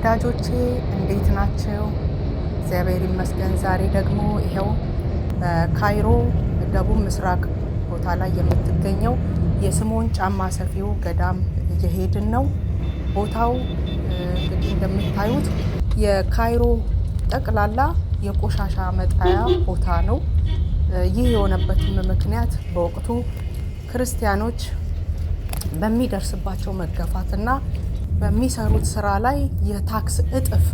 ወዳጆቼ እንዴት ናቸው? እግዚአብሔር ይመስገን። ዛሬ ደግሞ ይኸው በካይሮ ደቡብ ምስራቅ ቦታ ላይ የምትገኘው የስሙን ጫማ ሰፊው ገዳም እየሄድን ነው። ቦታው እንግዲህ እንደምታዩት የካይሮ ጠቅላላ የቆሻሻ መጣያ ቦታ ነው። ይህ የሆነበትም ምክንያት በወቅቱ ክርስቲያኖች በሚደርስባቸው መገፋትና በሚሰሩት ስራ ላይ የታክስ እጥፍ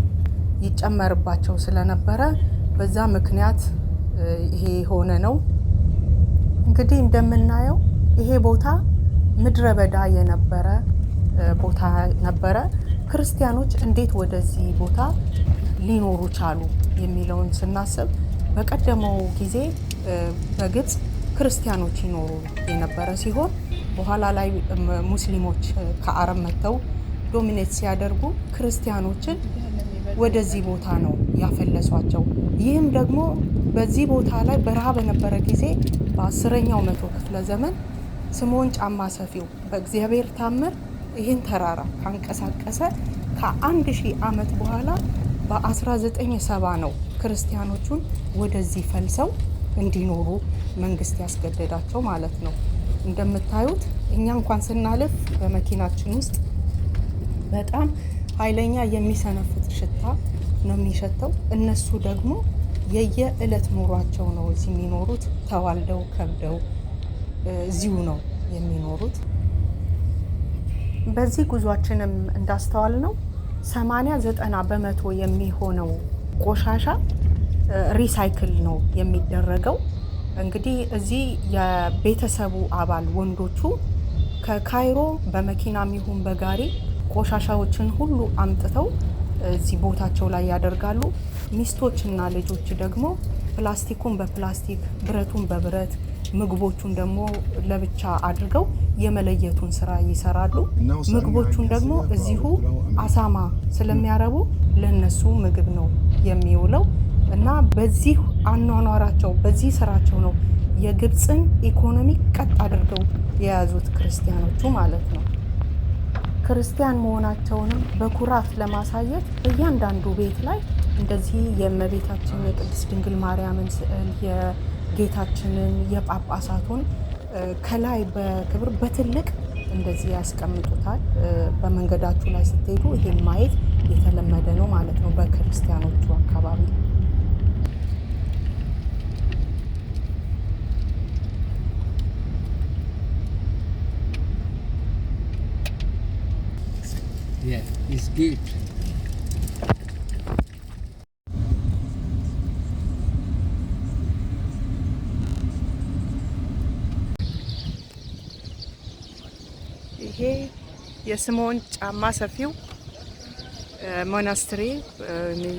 ይጨመርባቸው ስለነበረ በዛ ምክንያት ይሄ የሆነ ነው። እንግዲህ እንደምናየው ይሄ ቦታ ምድረ በዳ የነበረ ቦታ ነበረ። ክርስቲያኖች እንዴት ወደዚህ ቦታ ሊኖሩ ቻሉ የሚለውን ስናስብ በቀደመው ጊዜ በግብፅ ክርስቲያኖች ይኖሩ የነበረ ሲሆን በኋላ ላይ ሙስሊሞች ከአረብ መጥተው ዶሚኔት ሲያደርጉ ክርስቲያኖችን ወደዚህ ቦታ ነው ያፈለሷቸው። ይህም ደግሞ በዚህ ቦታ ላይ በረሃ በነበረ ጊዜ በአስረኛው መቶ ክፍለ ዘመን ስምዖን ጫማ ሰፊው በእግዚአብሔር ታምር ይህን ተራራ ካንቀሳቀሰ ከአንድ ሺህ ዓመት በኋላ በ1970 ነው ክርስቲያኖቹን ወደዚህ ፈልሰው እንዲኖሩ መንግስት ያስገደዳቸው ማለት ነው። እንደምታዩት እኛ እንኳን ስናልፍ በመኪናችን ውስጥ በጣም ኃይለኛ የሚሰነፍጥ ሽታ ነው የሚሸተው። እነሱ ደግሞ የየዕለት ኑሯቸው ነው እዚህ የሚኖሩት። ተዋልደው ከብደው እዚሁ ነው የሚኖሩት። በዚህ ጉዟችንም እንዳስተዋል ነው ሰማንያ ዘጠና በመቶ የሚሆነው ቆሻሻ ሪሳይክል ነው የሚደረገው። እንግዲህ እዚህ የቤተሰቡ አባል ወንዶቹ ከካይሮ በመኪናም ይሁን በጋሪ ቆሻሻዎችን ሁሉ አምጥተው እዚህ ቦታቸው ላይ ያደርጋሉ። ሚስቶችና ልጆች ደግሞ ፕላስቲኩን በፕላስቲክ ብረቱን በብረት ምግቦቹን ደግሞ ለብቻ አድርገው የመለየቱን ስራ ይሰራሉ። ምግቦቹን ደግሞ እዚሁ አሳማ ስለሚያረቡ ለነሱ ምግብ ነው የሚውለው እና በዚህ አኗኗራቸው በዚህ ስራቸው ነው የግብፅን ኢኮኖሚ ቀጥ አድርገው የያዙት ክርስቲያኖቹ ማለት ነው። ክርስቲያን መሆናቸውንም በኩራት ለማሳየት በእያንዳንዱ ቤት ላይ እንደዚህ የእመቤታችን የቅድስት ድንግል ማርያምን ስዕል የጌታችንን የጳጳሳቱን ከላይ በክብር በትልቅ እንደዚህ ያስቀምጡታል። በመንገዳችሁ ላይ ስትሄዱ ይሄን ማየት የተለመደ ነው ማለት ነው በክርስቲያኖቹ አካባቢ። es geht. ይሄ የስምዖን ጫማ ሰፊው ሞናስትሪ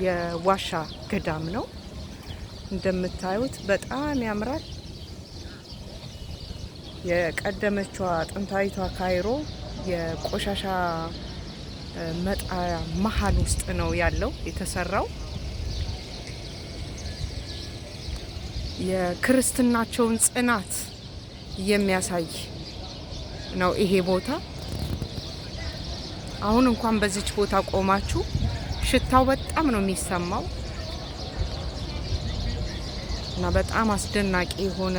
የዋሻ ገዳም ነው። እንደምታዩት በጣም ያምራል። የቀደመችዋ ጥንታዊቷ ካይሮ የቆሻሻ መጣያ መሀል ውስጥ ነው ያለው የተሰራው። የክርስትናቸውን ጽናት የሚያሳይ ነው ይሄ ቦታ። አሁን እንኳን በዚች ቦታ ቆማችሁ ሽታው በጣም ነው የሚሰማው እና በጣም አስደናቂ የሆነ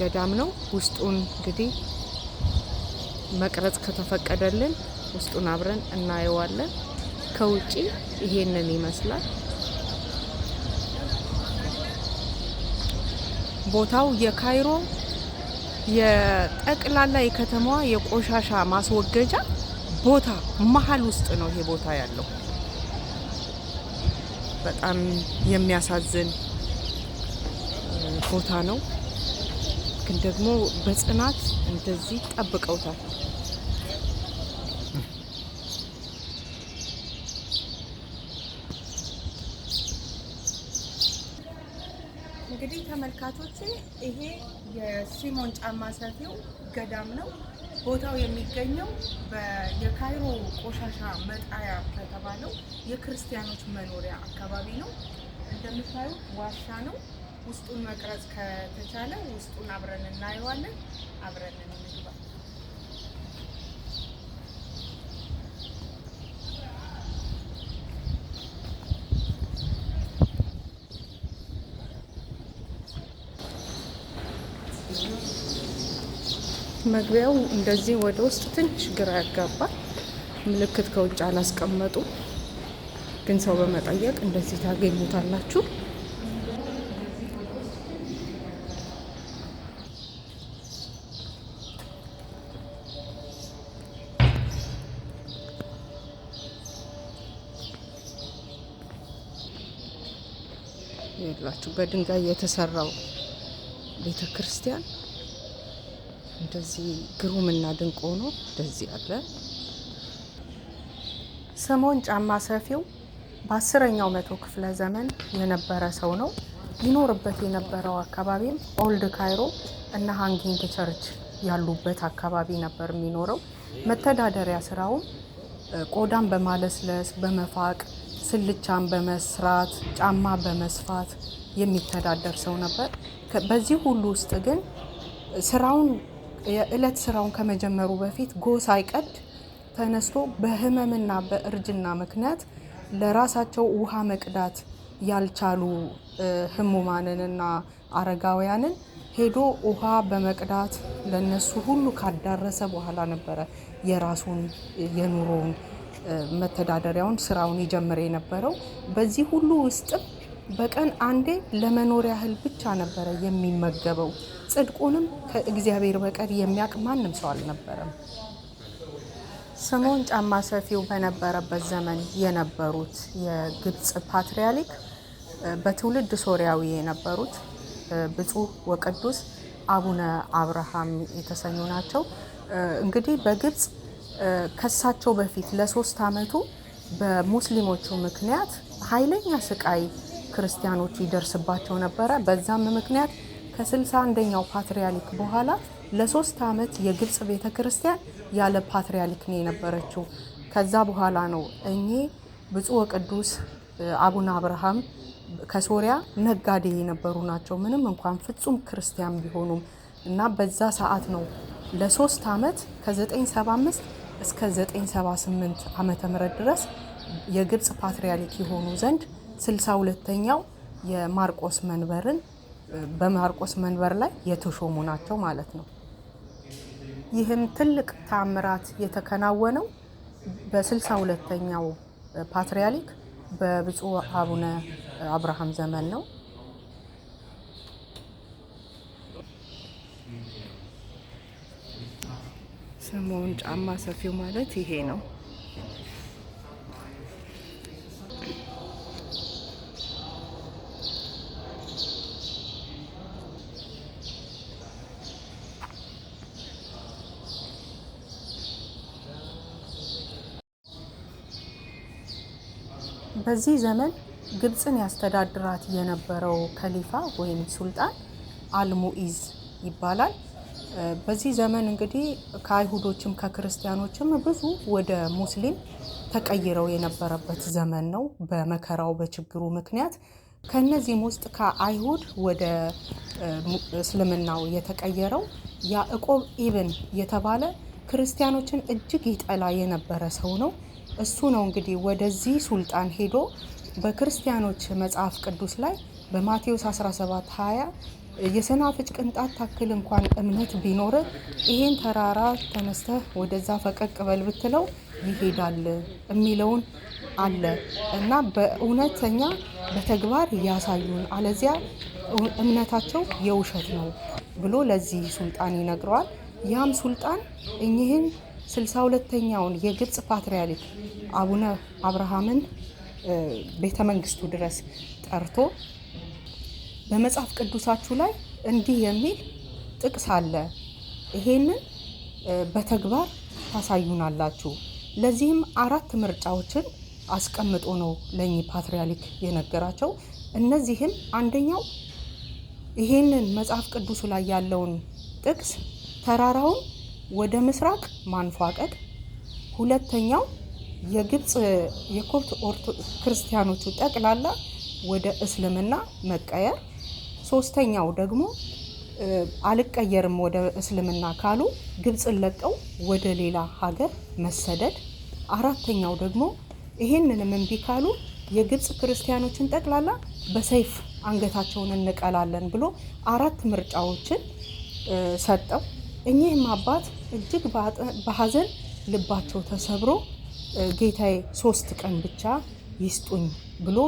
ገዳም ነው። ውስጡን እንግዲህ መቅረጽ ከተፈቀደልን ውስጡን አብረን እናየዋለን። ከውጪ ይሄንን ይመስላል። ቦታው የካይሮ የጠቅላላ የከተማዋ የቆሻሻ ማስወገጃ ቦታ መሀል ውስጥ ነው ይሄ ቦታ ያለው። በጣም የሚያሳዝን ቦታ ነው፣ ግን ደግሞ በጽናት እንደዚህ ጠብቀውታል። እንግዲህ ተመልካቾች ይሄ የሲሞን ጫማ ሰፊው ገዳም ነው። ቦታው የሚገኘው የካይሮ ቆሻሻ መጣያ ከተባለው የክርስቲያኖች መኖሪያ አካባቢ ነው። እንደምታዩት ዋሻ ነው። ውስጡን መቅረጽ ከተቻለ ውስጡን አብረን እናየዋለን አብረን መግቢያው እንደዚህ ወደ ውስጥ ትንሽ ግራ ያጋባል። ምልክት ከውጭ አላስቀመጡ፣ ግን ሰው በመጠየቅ እንደዚህ ታገኙታላችሁ። ይላችሁ በድንጋይ የተሰራው ቤተ ክርስቲያን እንደዚህ ግሩምና ድንቅ ሆኖ እንደዚህ አለ። ስምዖን ጫማ ሰፊው በአስረኛው መቶ ክፍለ ዘመን የነበረ ሰው ነው። ይኖርበት የነበረው አካባቢም ኦልድ ካይሮ እና ሃንጊንግ ቸርች ያሉበት አካባቢ ነበር የሚኖረው። መተዳደሪያ ስራውም ቆዳን በማለስለስ በመፋቅ ስልቻን በመስራት ጫማ በመስፋት የሚተዳደር ሰው ነበር። በዚህ ሁሉ ውስጥ ግን ስራውን የእለት ስራውን ከመጀመሩ በፊት ጎ ሳይቀድ ተነስቶ በህመምና በእርጅና ምክንያት ለራሳቸው ውሃ መቅዳት ያልቻሉ ህሙማንንና አረጋውያንን ሄዶ ውሃ በመቅዳት ለነሱ ሁሉ ካዳረሰ በኋላ ነበረ የራሱን የኑሮውን መተዳደሪያውን ስራውን ይጀምር የነበረው። በዚህ ሁሉ ውስጥም በቀን አንዴ ለመኖር ያህል ብቻ ነበረ የሚመገበው። ጽድቁንም ከእግዚአብሔር በቀር የሚያውቅ ማንም ሰው አልነበረም። ስምዖን ጫማ ሰፊው በነበረበት ዘመን የነበሩት የግብፅ ፓትርያርክ በትውልድ ሶሪያዊ የነበሩት ብፁዕ ወቅዱስ አቡነ አብርሃም የተሰኙ ናቸው። እንግዲህ በግብፅ ከሳቸው በፊት ለሶስት ዓመቱ በሙስሊሞቹ ምክንያት ኃይለኛ ስቃይ ክርስቲያኖቹ ይደርስባቸው ነበረ። በዛም ምክንያት ከ ከ61ኛው ፓትርያርክ በኋላ ለሶስት ዓመት የግብፅ ቤተ ክርስቲያን ያለ ፓትርያርክ ነው የነበረችው። ከዛ በኋላ ነው እኚህ ብፁዕ ወቅዱስ አቡነ አብርሃም ከሶሪያ ነጋዴ የነበሩ ናቸው። ምንም እንኳን ፍጹም ክርስቲያን ቢሆኑም እና በዛ ሰዓት ነው ለሶስት ዓመት ከ975 እስከ 978 ዓመተ ምህረት ድረስ የግብፅ ፓትርያርክ የሆኑ ዘንድ 62ኛው የማርቆስ መንበርን በማርቆስ መንበር ላይ የተሾሙ ናቸው ማለት ነው። ይህም ትልቅ ታምራት የተከናወነው በስልሳ ሁለተኛው ፓትርያርክ በብፁዕ አቡነ አብርሃም ዘመን ነው። ስምዖን ጫማ ሰፊው ማለት ይሄ ነው። በዚህ ዘመን ግብፅን ያስተዳድራት የነበረው ከሊፋ ወይም ሱልጣን አልሙኢዝ ይባላል። በዚህ ዘመን እንግዲህ ከአይሁዶችም ከክርስቲያኖችም ብዙ ወደ ሙስሊም ተቀይረው የነበረበት ዘመን ነው። በመከራው በችግሩ ምክንያት ከእነዚህም ውስጥ ከአይሁድ ወደ እስልምናው የተቀየረው ያዕቆብ ኢብን የተባለ ክርስቲያኖችን እጅግ ይጠላ የነበረ ሰው ነው። እሱ ነው እንግዲህ ወደዚህ ሱልጣን ሄዶ በክርስቲያኖች መጽሐፍ ቅዱስ ላይ በማቴዎስ 17 20 የሰናፍጭ ቅንጣት ታክል እንኳን እምነት ቢኖር ይሄን ተራራ ተነስተህ ወደዛ ፈቀቅ በል ብትለው ይሄዳል የሚለውን አለ እና በእውነተኛ በተግባር እያሳዩን አለዚያ እምነታቸው የውሸት ነው ብሎ ለዚህ ሱልጣን ይነግረዋል። ያም ሱልጣን እኚህን ስልሳ ሁለተኛውን የግብፅ ፓትርያርክ አቡነ አብርሃምን ቤተ መንግስቱ ድረስ ጠርቶ በመጽሐፍ ቅዱሳችሁ ላይ እንዲህ የሚል ጥቅስ አለ፣ ይሄንን በተግባር ታሳዩናላችሁ። ለዚህም አራት ምርጫዎችን አስቀምጦ ነው ለእኚህ ፓትርያርክ የነገራቸው። እነዚህም አንደኛው ይሄንን መጽሐፍ ቅዱሱ ላይ ያለውን ጥቅስ ተራራውን ወደ ምስራቅ ማንፏቀቅ፣ ሁለተኛው የግብፅ የኮፕት ክርስቲያኖቹ ጠቅላላ ወደ እስልምና መቀየር፣ ሶስተኛው ደግሞ አልቀየርም ወደ እስልምና ካሉ ግብፅን ለቀው ወደ ሌላ ሀገር መሰደድ፣ አራተኛው ደግሞ ይህንንም እምቢ ካሉ የግብፅ ክርስቲያኖችን ጠቅላላ በሰይፍ አንገታቸውን እንቀላለን ብሎ አራት ምርጫዎችን ሰጠው። እኚህም አባት እጅግ በሀዘን ልባቸው ተሰብሮ ጌታዬ ሶስት ቀን ብቻ ይስጡኝ ብሎ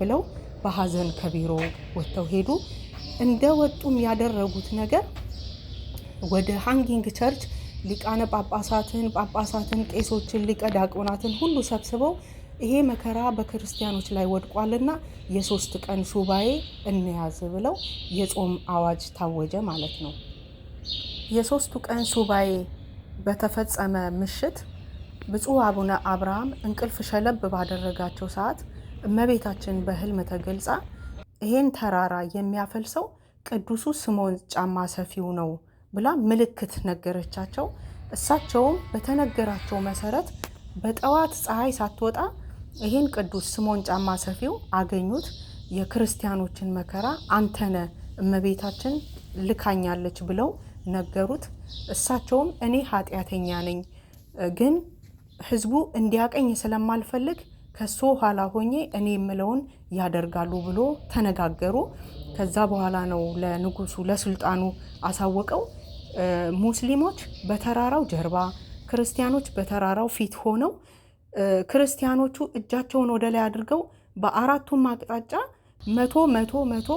ብለው በሀዘን ከቢሮ ወጥተው ሄዱ። እንደ ወጡም ያደረጉት ነገር ወደ ሃንጊንግ ቸርች ሊቃነ ጳጳሳትን፣ ጳጳሳትን፣ ቄሶችን፣ ሊቀ ዲያቆናትን ሁሉ ሰብስበው ይሄ መከራ በክርስቲያኖች ላይ ወድቋልና የሶስት ቀን ሱባኤ እንያዝ ብለው የጾም አዋጅ ታወጀ ማለት ነው። የሶስቱ ቀን ሱባኤ በተፈጸመ ምሽት ብፁዕ አቡነ አብርሃም እንቅልፍ ሸለብ ባደረጋቸው ሰዓት እመቤታችን በሕልም ተገልጻ ይሄን ተራራ የሚያፈልሰው ቅዱሱ ስምዖን ጫማ ሰፊው ነው ብላ ምልክት ነገረቻቸው። እሳቸውም በተነገራቸው መሰረት በጠዋት ፀሐይ ሳትወጣ ይሄን ቅዱስ ስምዖን ጫማ ሰፊው አገኙት። የክርስቲያኖችን መከራ አንተነ እመቤታችን ልካኛለች ብለው ነገሩት። እሳቸውም እኔ ኃጢአተኛ ነኝ፣ ግን ህዝቡ እንዲያቀኝ ስለማልፈልግ ከሶ ኋላ ሆኜ እኔ የምለውን ያደርጋሉ ብሎ ተነጋገሩ። ከዛ በኋላ ነው ለንጉሱ ለሱልጣኑ አሳወቀው። ሙስሊሞች በተራራው ጀርባ፣ ክርስቲያኖች በተራራው ፊት ሆነው ክርስቲያኖቹ እጃቸውን ወደ ላይ አድርገው በአራቱም አቅጣጫ መቶ መቶ መቶ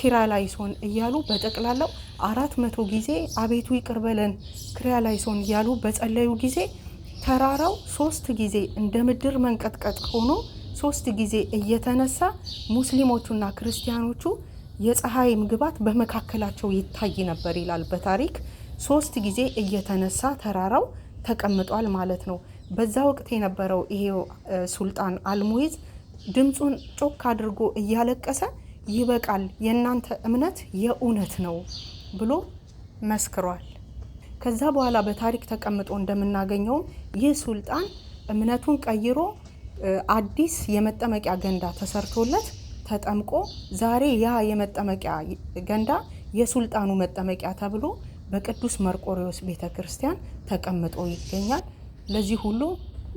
ኪራላይሶን እያሉ በጠቅላላው አራት መቶ ጊዜ አቤቱ ይቅር በለን ኪራላይሶን እያሉ በጸለዩ ጊዜ ተራራው ሶስት ጊዜ እንደ ምድር መንቀጥቀጥ ሆኖ ሶስት ጊዜ እየተነሳ ሙስሊሞቹና ክርስቲያኖቹ የፀሐይ ምግባት በመካከላቸው ይታይ ነበር ይላል በታሪክ ሶስት ጊዜ እየተነሳ ተራራው ተቀምጧል ማለት ነው። በዛ ወቅት የነበረው ይሄ ሱልጣን አልሙይዝ ድምፁን ጮክ አድርጎ እያለቀሰ ይበቃል፣ የእናንተ እምነት የእውነት ነው ብሎ መስክሯል። ከዛ በኋላ በታሪክ ተቀምጦ እንደምናገኘው ይህ ሱልጣን እምነቱን ቀይሮ አዲስ የመጠመቂያ ገንዳ ተሰርቶለት ተጠምቆ ዛሬ ያ የመጠመቂያ ገንዳ የሱልጣኑ መጠመቂያ ተብሎ በቅዱስ መርቆሪዎስ ቤተ ክርስቲያን ተቀምጦ ይገኛል። ለዚህ ሁሉ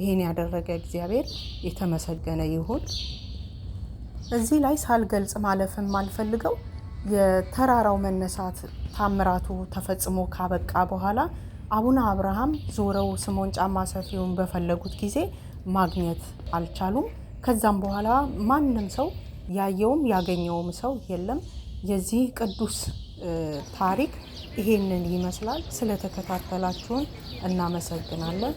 ይህን ያደረገ እግዚአብሔር የተመሰገነ ይሁን። እዚህ ላይ ሳልገልጽ ማለፍን የማልፈልገው የተራራው መነሳት ታምራቱ ተፈጽሞ ካበቃ በኋላ አቡነ አብርሃም ዞረው ስምዖን ጫማ ሰፊውን በፈለጉት ጊዜ ማግኘት አልቻሉም። ከዛም በኋላ ማንም ሰው ያየውም ያገኘውም ሰው የለም። የዚህ ቅዱስ ታሪክ ይሄንን ይመስላል። ስለተከታተላችሁን እናመሰግናለን።